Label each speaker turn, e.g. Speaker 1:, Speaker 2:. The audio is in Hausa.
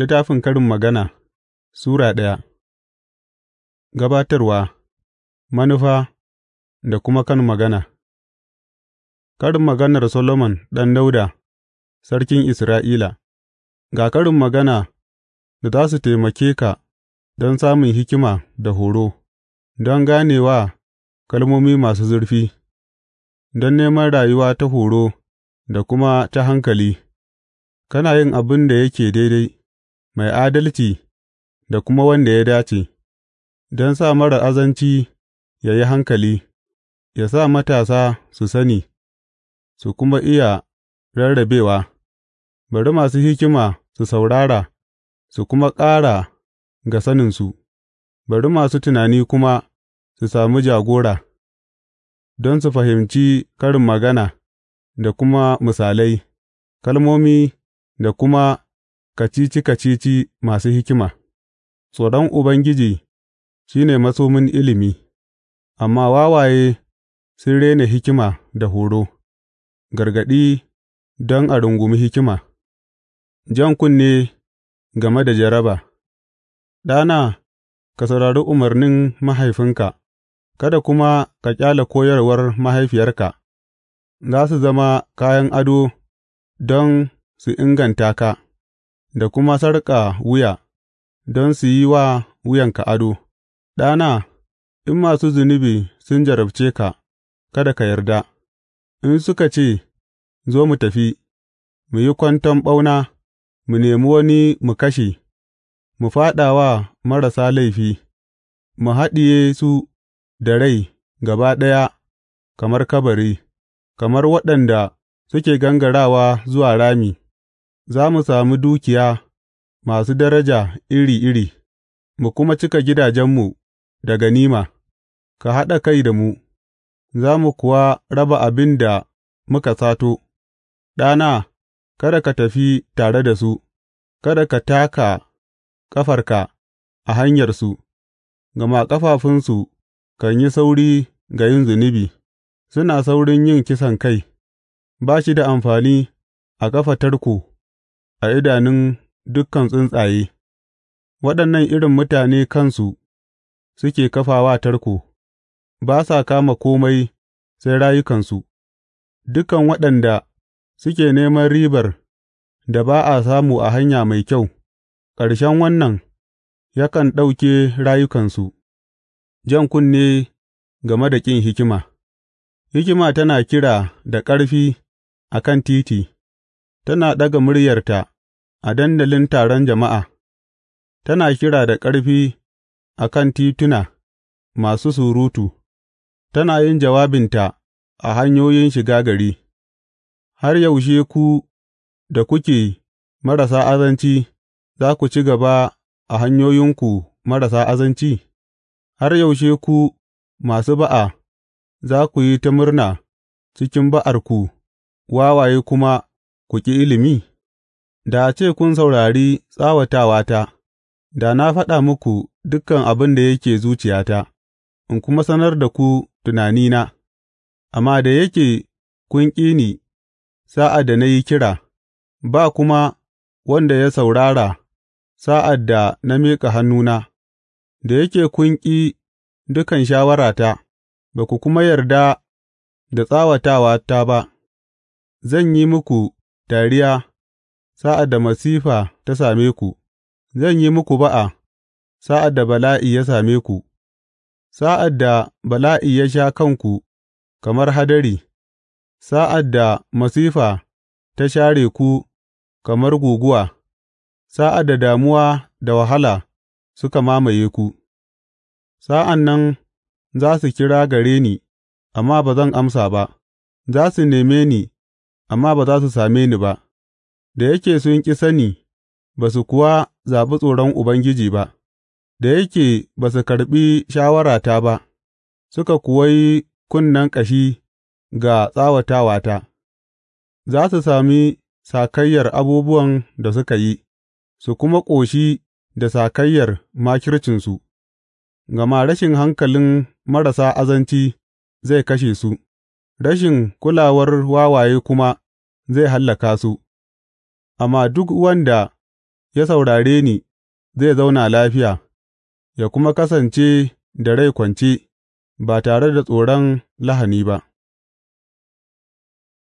Speaker 1: Littafin Karin Magana Sura ɗaya Gabatarwa, manufa da kuma kan magana Karin maganar Solomon ɗan Dauda, sarkin Isra'ila Ga karin magana da za su taimake ka don samun hikima da horo, don ganewa kalmomi masu zurfi, don neman rayuwa ta horo da kuma ta hankali, kana yin abin da yake daidai. mai adalci da kuma wanda ya dace, don sa marar azanci ya yi hankali, ya sa matasa su sani, su kuma iya rarrabewa, bari masu hikima su saurara, su kuma ƙara ga saninsu, bari masu tunani kuma su sami jagora, don su fahimci karin magana da kuma misalai, kalmomi da kuma kacici kacici masu hikima Tsoron Ubangiji shi ne masomin ilimi, amma wawaye sun rene hikima da horo, gargaɗi don a rungumi hikima, jan kunne game da jaraba. Ɗana, ka saurari umarnin mahaifinka, kada kuma ka ƙyale koyarwar mahaifiyarka, za su zama kayan ado don su inganta ka. da kuma sarƙa wuya, don su yi wa wuyanka ado. Ɗana, in masu zunubi sun jarabce ka, kada ka yarda, in suka ce, Zo mu tafi, mu yi kwanton ɓauna, mu nemi wani mu kashe, mu fāɗa wa marasa laifi, mu haɗiye su da rai gaba ɗaya kamar kabari, kamar waɗanda suke gangarawa zuwa rami. za mu sami dukiya masu daraja iri iri, mu kuma cika gidajenmu da ganima, ka haɗa kai da mu, za mu kuwa raba abin da muka sato, ɗana, kada ka tafi tare da su, kada ka taka ƙafarka a hanyarsu, gama ƙafafunsu kan yi sauri ga yin zunubi, suna saurin yin kisan kai. ba shi da amfani a kafa tarko. a idanun dukkan tsuntsaye, waɗannan irin mutane kansu suke kafa wa tarko, ba sa kama komai sai rayukansu, dukan waɗanda suke neman ribar da ba a samu a hanya mai kyau, ƙarshen wannan yakan ɗauke rayukansu, jan kunne game da ƙin hikima Hikima tana kira da ƙarfi a kan titi. tana ɗaga muryarta a dandalin taron jama'a, tana kira da ƙarfi a kan tituna masu surutu, tana yin jawabinta a hanyoyin shiga gari, Har yaushe ku da kuke marasa azanci za ku ci gaba a hanyoyinku marasa azanci? Har yaushe ku masu ba'a za ku yi ta murna cikin ba'arku, wawaye kuma ku ƙi ilimi? Da a ce kun saurari tsawatawata, da na faɗa muku dukan abin da yake zuciyata, in kuma sanar da ku tunanina, amma da yake kun ƙi ni sa'ad da na yi kira, ba kuma wanda ya saurara sa'ad da na miƙa hannuna, da yake kun ƙi dukan shawarata, ba ku kuma yarda da tsawatawata ba, zan yi muku dariya sa'ad da masifa ta same ku, zan yi muku ba'a sa'ad da bala'i ya same ku, sa'ad da bala'i ya sha kanku kamar hadari, sa'ad da masifa ta share ku kamar guguwa, sa'ad da damuwa da wahala suka mamaye ku, sa'an nan za su kira gare ni, amma ba zan amsa ba, za su neme ni, amma ba za su same ni ba, da yake sun ƙi sani ba su kuwa zaɓi tsoron Ubangiji ba, da yake ba su karɓi shawarata ba, suka kuwa yi kunnen ƙashi ga tsawatawata, za su sami sakayyar abubuwan da suka yi, su kuma ƙoshi da sakayyar makircinsu, gama rashin hankalin marasa azanci zai kashe su, rashin kulawar wawaye kuma zai hallaka su, amma duk wanda ya saurare ni zai zauna lafiya, ya kuma kasance da rai kwance ba tare da tsoron lahani ba.